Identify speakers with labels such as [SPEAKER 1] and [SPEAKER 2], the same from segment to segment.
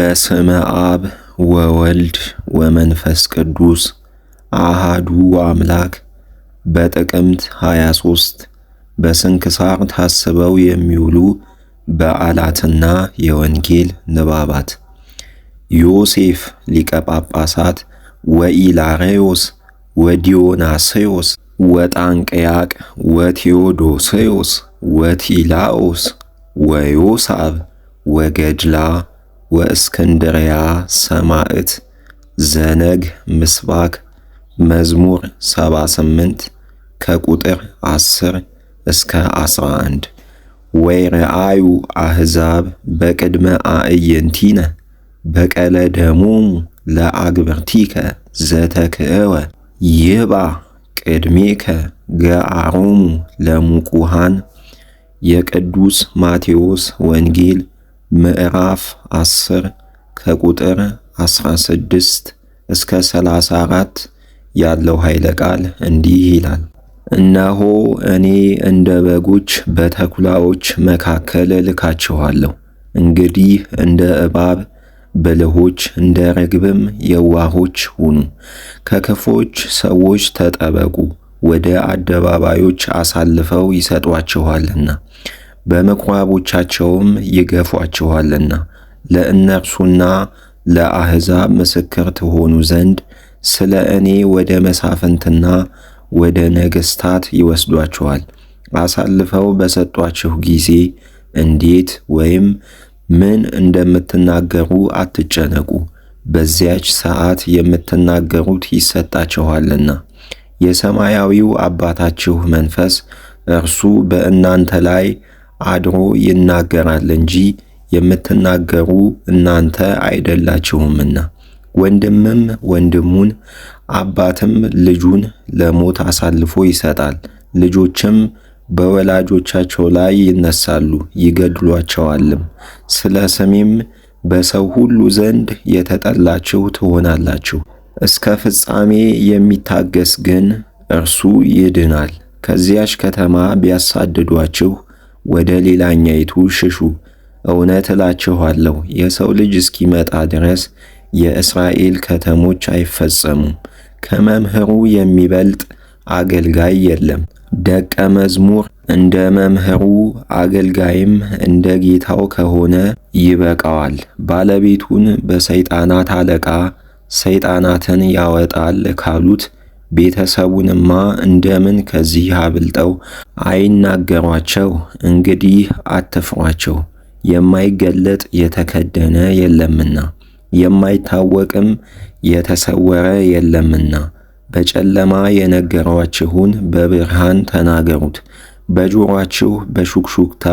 [SPEAKER 1] በስመ አብ ወወልድ ወመንፈስ ቅዱስ አሃዱ አምላክ። በጥቅምት 23 በስንክሳር ታስበው የሚውሉ በዓላትና የወንጌል ንባባት ዮሴፍ ሊቀ ጳጳሳት ወኢላሬዎስ ወዲዮናስዮስ ወጣንቅያቅ ወቴዎዶስዮስ ወቲላኦስ ወዮሳብ ወገድላ ወእስክንድርያ ሰማዕት ዘነግ ምስባክ መዝሙር 78 ከቁጥር 10 እስከ 11 ረአዩ አሕዛብ በቅድመ አእየንቲነ በቀለ ደሞሙ ለአግብርቲከ ዘተክእወ ይባ ቅድሜከ ገአሩሙ ለሙቁሃን የቅዱስ ማቴዎስ ወንጌል ምዕራፍ 10 ከቁጥር 16 እስከ 34 ያለው ኃይለ ቃል እንዲህ ይላል። እነሆ እኔ እንደ በጎች በተኩላዎች መካከል ልካችኋለሁ። እንግዲህ እንደ እባብ ብልሆች እንደ ርግብም የዋሆች ሁኑ። ከክፎች ሰዎች ተጠበቁ፣ ወደ አደባባዮች አሳልፈው ይሰጧችኋልና። በምኵራቦቻቸውም ይገፏችኋልና ለእነርሱና ለአሕዛብ ምስክር ትሆኑ ዘንድ ስለ እኔ ወደ መሳፍንትና ወደ ነገሥታት ይወስዷችኋል። አሳልፈው በሰጧችሁ ጊዜ እንዴት ወይም ምን እንደምትናገሩ አትጨነቁ። በዚያች ሰዓት የምትናገሩት ይሰጣችኋልና የሰማያዊው አባታችሁ መንፈስ እርሱ በእናንተ ላይ አድሮ ይናገራል እንጂ የምትናገሩ እናንተ አይደላችሁምና። ወንድምም ወንድሙን አባትም ልጁን ለሞት አሳልፎ ይሰጣል። ልጆችም በወላጆቻቸው ላይ ይነሳሉ ይገድሏቸዋልም። ስለ ስሜም በሰው ሁሉ ዘንድ የተጠላችሁ ትሆናላችሁ። እስከ ፍጻሜ የሚታገስ ግን እርሱ ይድናል። ከዚያች ከተማ ቢያሳድዷችሁ ወደ ሌላኛይቱ ሽሹ። እውነት እላችኋለሁ የሰው ልጅ እስኪመጣ ድረስ የእስራኤል ከተሞች አይፈጸሙም። ከመምህሩ የሚበልጥ አገልጋይ የለም። ደቀ መዝሙር እንደ መምህሩ አገልጋይም እንደ ጌታው ከሆነ ይበቃዋል። ባለቤቱን በሰይጣናት አለቃ ሰይጣናትን ያወጣል ካሉት ቤተሰቡንማ እንደምን ከዚህ አብልጠው አይናገሯቸው። እንግዲህ አትፍሯቸው፣ የማይገለጥ የተከደነ የለምና የማይታወቅም የተሰወረ የለምና። በጨለማ የነገሯችሁን በብርሃን ተናገሩት፣ በጆሯችሁ በሹክሹክታ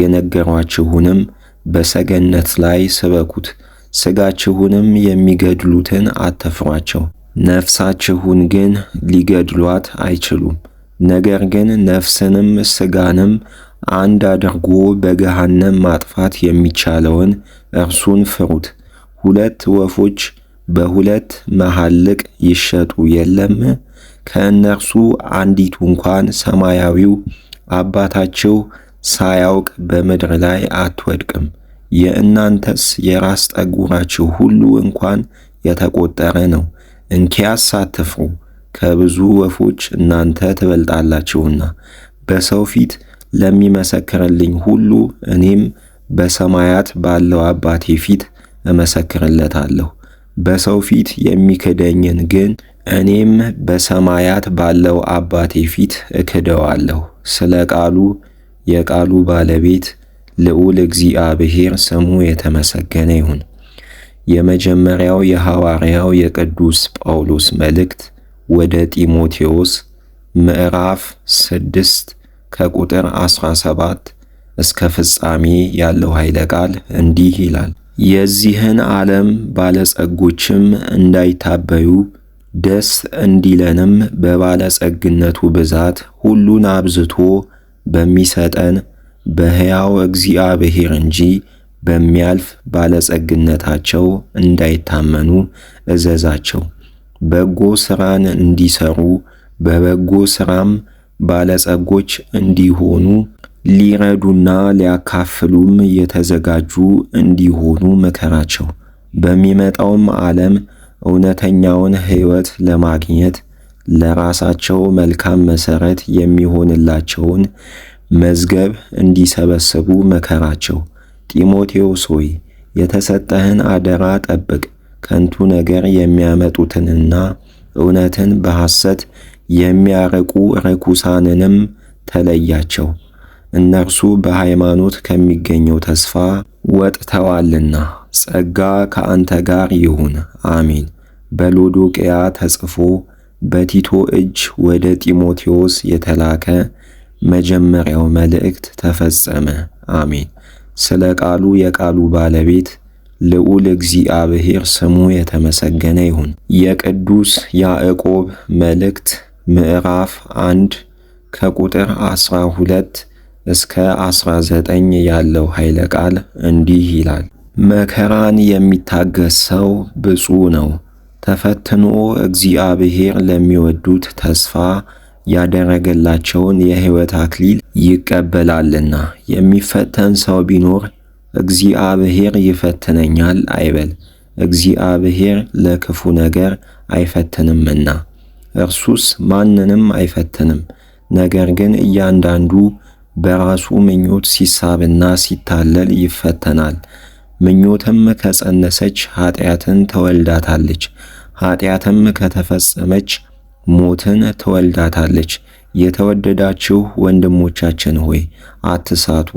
[SPEAKER 1] የነገሯችሁንም በሰገነት ላይ ስበኩት። ሥጋችሁንም የሚገድሉትን አትፍሯቸው። ነፍሳችሁን ግን ሊገድሏት አይችሉም። ነገር ግን ነፍስንም ስጋንም አንድ አድርጎ በገሃነም ማጥፋት የሚቻለውን እርሱን ፍሩት። ሁለት ወፎች በሁለት መሐልቅ ይሸጡ የለም? ከእነርሱ አንዲቱ እንኳን ሰማያዊው አባታችሁ ሳያውቅ በምድር ላይ አትወድቅም። የእናንተስ የራስ ጠጉራችሁ ሁሉ እንኳን የተቆጠረ ነው። እንኪያስ ከብዙ ወፎች እናንተ ትበልጣላችሁና በሰው ፊት ለሚመሰክርልኝ ሁሉ እኔም በሰማያት ባለው አባቴ ፊት እመሰክርለታለሁ። በሰው ፊት የሚክደኝን ግን እኔም በሰማያት ባለው አባቴ ፊት እክደዋለሁ። ስለ ቃሉ የቃሉ ባለቤት ልዑል እግዚአብሔር ስሙ የተመሰገነ ይሁን። የመጀመሪያው የሐዋርያው የቅዱስ ጳውሎስ መልእክት ወደ ጢሞቴዎስ ምዕራፍ 6 ከቁጥር 17 እስከ ፍጻሜ ያለው ኃይለ ቃል እንዲህ ይላል። የዚህን ዓለም ባለጸጎችም እንዳይታበዩ ደስ እንዲለንም በባለጸግነቱ ብዛት ሁሉን አብዝቶ በሚሰጠን በሕያው እግዚአብሔር እንጂ በሚያልፍ ባለጸግነታቸው እንዳይታመኑ እዘዛቸው። በጎ ስራን እንዲሰሩ በበጎ ስራም ባለጸጎች እንዲሆኑ ሊረዱና ሊያካፍሉም የተዘጋጁ እንዲሆኑ ምከራቸው። በሚመጣውም ዓለም እውነተኛውን ሕይወት ለማግኘት ለራሳቸው መልካም መሠረት የሚሆንላቸውን መዝገብ እንዲሰበስቡ ምከራቸው። ጢሞቴዎስ ሆይ የተሰጠህን አደራ ጠብቅ። ከንቱ ነገር የሚያመጡትንና እውነትን በሐሰት የሚያረቁ ርኩሳንንም ተለያቸው፣ እነርሱ በሃይማኖት ከሚገኘው ተስፋ ወጥተዋልና። ጸጋ ከአንተ ጋር ይሁን፣ አሜን። በሎዶቅያ ተጽፎ በቲቶ እጅ ወደ ጢሞቴዎስ የተላከ መጀመሪያው መልእክት ተፈጸመ። አሜን። ስለ ቃሉ የቃሉ ባለቤት ልዑል እግዚአብሔር ስሙ የተመሰገነ ይሁን። የቅዱስ ያዕቆብ መልእክት ምዕራፍ አንድ ከቁጥር 12 እስከ 19 ያለው ኃይለ ቃል እንዲህ ይላል። መከራን የሚታገስ ሰው ብፁዕ ነው። ተፈትኖ እግዚአብሔር ለሚወዱት ተስፋ ያደረገላቸውን የሕይወት አክሊል ይቀበላልና። የሚፈተን ሰው ቢኖር እግዚአብሔር ይፈትነኛል አይበል፣ እግዚአብሔር ለክፉ ነገር አይፈትንምና፣ እርሱስ ማንንም አይፈትንም። ነገር ግን እያንዳንዱ በራሱ ምኞት ሲሳብና ሲታለል ይፈተናል። ምኞትም ከጸነሰች ኀጢአትን ትወልዳታለች፣ ኀጢአትም ከተፈጸመች ሞትን ትወልዳታለች። የተወደዳችሁ ወንድሞቻችን ሆይ አትሳቱ።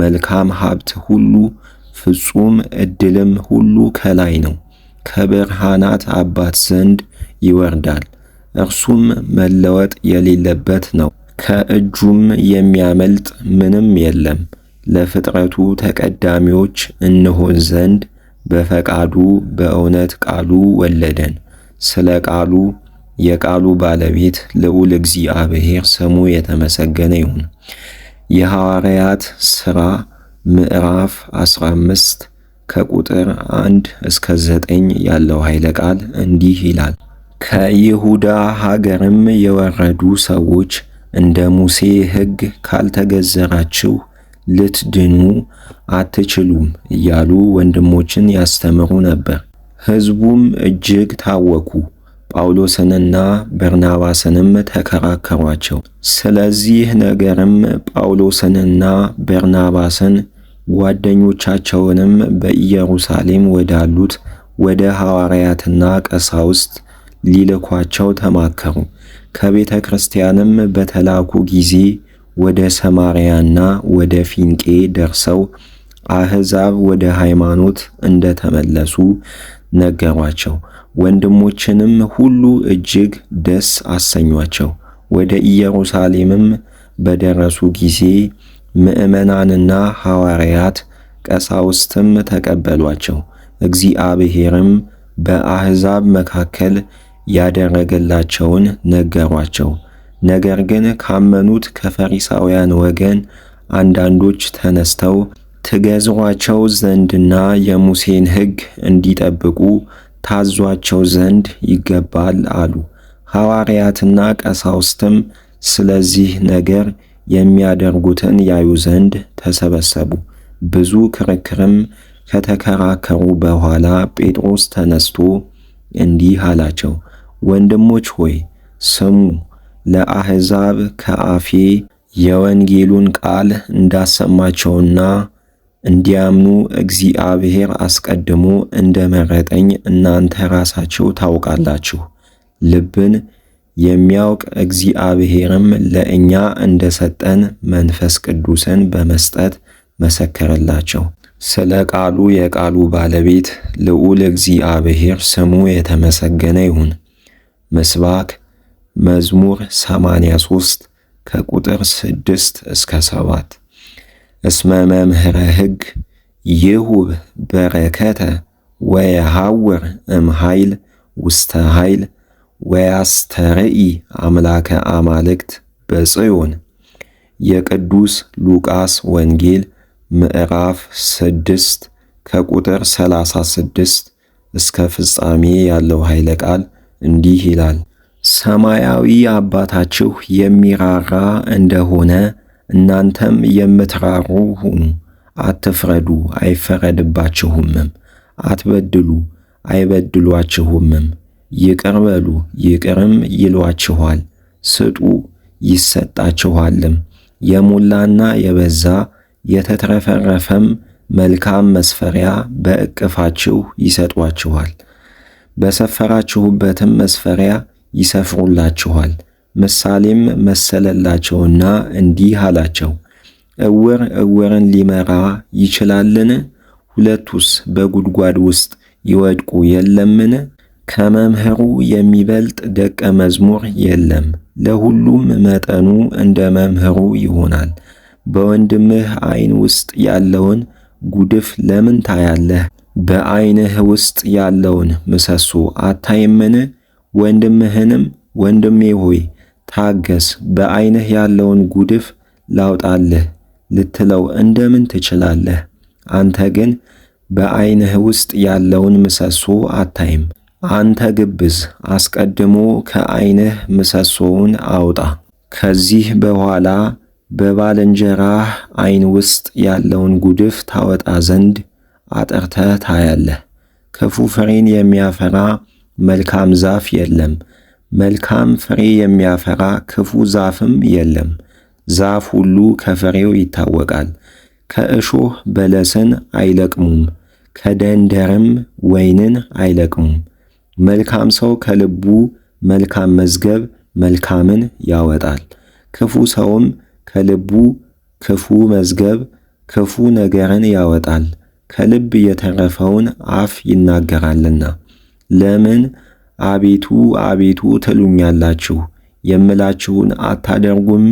[SPEAKER 1] መልካም ሀብት ሁሉ ፍጹም ዕድልም ሁሉ ከላይ ነው፣ ከብርሃናት አባት ዘንድ ይወርዳል። እርሱም መለወጥ የሌለበት ነው፣ ከእጁም የሚያመልጥ ምንም የለም። ለፍጥረቱ ተቀዳሚዎች እንሆን ዘንድ በፈቃዱ በእውነት ቃሉ ወለደን። ስለ ቃሉ የቃሉ ባለቤት ልዑል እግዚአብሔር ስሙ የተመሰገነ ይሁን። የሐዋርያት ሥራ ምዕራፍ 15 ከቁጥር 1 እስከ 9 ያለው ኃይለ ቃል እንዲህ ይላል። ከይሁዳ ሀገርም የወረዱ ሰዎች እንደ ሙሴ ሕግ ካልተገዘራችሁ ልትድኑ አትችሉም እያሉ ወንድሞችን ያስተምሩ ነበር። ሕዝቡም እጅግ ታወኩ። ጳውሎስንና በርናባስንም ተከራከሯቸው። ስለዚህ ነገርም ጳውሎስንና በርናባስን ጓደኞቻቸውንም በኢየሩሳሌም ወዳሉት ወደ ሐዋርያትና ቀሳውስት ሊልኳቸው ተማከሩ። ከቤተ ክርስቲያንም በተላኩ ጊዜ ወደ ሰማርያና ወደ ፊንቄ ደርሰው አሕዛብ ወደ ሃይማኖት እንደተመለሱ ነገሯቸው። ወንድሞችንም ሁሉ እጅግ ደስ አሰኟቸው። ወደ ኢየሩሳሌምም በደረሱ ጊዜ ምእመናንና ሐዋርያት ቀሳውስትም ተቀበሏቸው። እግዚአብሔርም በአሕዛብ መካከል ያደረገላቸውን ነገሯቸው። ነገር ግን ካመኑት ከፈሪሳውያን ወገን አንዳንዶች ተነስተው ትገዟቸው ዘንድና የሙሴን ሕግ እንዲጠብቁ ታዟቸው ዘንድ ይገባል አሉ። ሐዋርያትና ቀሳውስትም ስለዚህ ነገር የሚያደርጉትን ያዩ ዘንድ ተሰበሰቡ። ብዙ ክርክርም ከተከራከሩ በኋላ ጴጥሮስ ተነስቶ እንዲህ አላቸው፣ ወንድሞች ሆይ ስሙ። ለአሕዛብ ከአፌ የወንጌሉን ቃል እንዳሰማቸውና እንዲያምኑ እግዚአብሔር አስቀድሞ እንደመረጠኝ እናንተ ራሳችሁ ታውቃላችሁ። ልብን የሚያውቅ እግዚአብሔርም ለእኛ እንደሰጠን መንፈስ ቅዱስን በመስጠት መሰከረላቸው። ስለ ቃሉ የቃሉ ባለቤት ልዑል እግዚአብሔር ስሙ የተመሰገነ ይሁን። ምስባክ መዝሙር 83 ከቁጥር 6 እስከ 7 እስመ መምህረ ሕግ ይሁብ በረከተ ወየሐውር እም ኃይል ውስተ ኃይል ወያስተርኢ አምላከ አማልክት በጽዮን። የቅዱስ ሉቃስ ወንጌል ምዕራፍ ስድስት ከቁጥር ሰላሳ ስድስት እስከ ፍጻሜ ያለው ኃይለ ቃል እንዲህ ይላል። ሰማያዊ አባታችሁ የሚራራ እንደሆነ እናንተም የምትራሩ ሁኑ፣ አትፍረዱ፣ አይፈረድባችሁምም፣ አትበድሉ፣ አይበድሏችሁምም፣ ይቅር በሉ፣ ይቅርም ይሏችኋል፣ ስጡ፣ ይሰጣችኋልም። የሞላና የበዛ የተትረፈረፈም መልካም መስፈሪያ በእቅፋችሁ ይሰጧችኋል፣ በሰፈራችሁበትም መስፈሪያ ይሰፍሩላችኋል። ምሳሌም መሰለላቸውና እንዲህ አላቸው፣ እውር እውርን ሊመራ ይችላልን? ሁለቱስ በጉድጓድ ውስጥ ይወድቁ የለምን? ከመምህሩ የሚበልጥ ደቀ መዝሙር የለም። ለሁሉም መጠኑ እንደ መምህሩ ይሆናል። በወንድምህ ዐይን ውስጥ ያለውን ጉድፍ ለምን ታያለህ? በዐይንህ ውስጥ ያለውን ምሰሶ አታይምን? ወንድምህንም ወንድሜ ሆይ ታገስ፣ በአይንህ ያለውን ጉድፍ ላውጣልህ ልትለው እንደምን ትችላለህ? አንተ ግን በአይንህ ውስጥ ያለውን ምሰሶ አታይም። አንተ ግብዝ፣ አስቀድሞ ከአይንህ ምሰሶውን አውጣ። ከዚህ በኋላ በባልንጀራህ አይን ውስጥ ያለውን ጉድፍ ታወጣ ዘንድ አጠርተህ ታያለህ። ክፉ ፍሬን የሚያፈራ መልካም ዛፍ የለም። መልካም ፍሬ የሚያፈራ ክፉ ዛፍም የለም። ዛፍ ሁሉ ከፍሬው ይታወቃል። ከእሾህ በለስን አይለቅሙም፣ ከደንደርም ወይንን አይለቅሙም። መልካም ሰው ከልቡ መልካም መዝገብ መልካምን ያወጣል፣ ክፉ ሰውም ከልቡ ክፉ መዝገብ ክፉ ነገርን ያወጣል። ከልብ የተረፈውን አፍ ይናገራልና ለምን አቤቱ አቤቱ ትሉኛላችሁ፣ የምላችሁን አታደርጉም?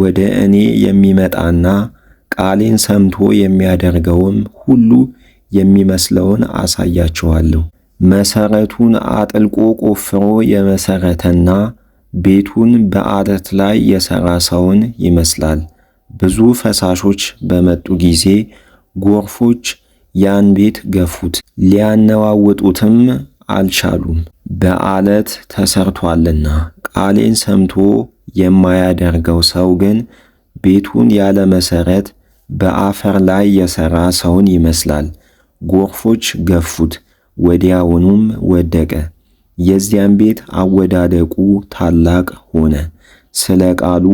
[SPEAKER 1] ወደ እኔ የሚመጣና ቃሌን ሰምቶ የሚያደርገውም ሁሉ የሚመስለውን አሳያችኋለሁ። መሰረቱን አጥልቆ ቆፍሮ የመሰረተና ቤቱን በአለት ላይ የሰራ ሰውን ይመስላል። ብዙ ፈሳሾች በመጡ ጊዜ ጎርፎች ያን ቤት ገፉት፣ ሊያነዋውጡትም አልቻሉም። በዓለት ተሰርቷልና ቃሌን ሰምቶ የማያደርገው ሰው ግን ቤቱን ያለ መሠረት በአፈር ላይ የሠራ ሰውን ይመስላል። ጎርፎች ገፉት፣ ወዲያውኑም ወደቀ። የዚያም ቤት አወዳደቁ ታላቅ ሆነ። ስለ ቃሉ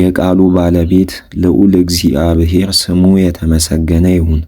[SPEAKER 1] የቃሉ ባለቤት ልዑል እግዚአብሔር ስሙ የተመሰገነ ይሁን።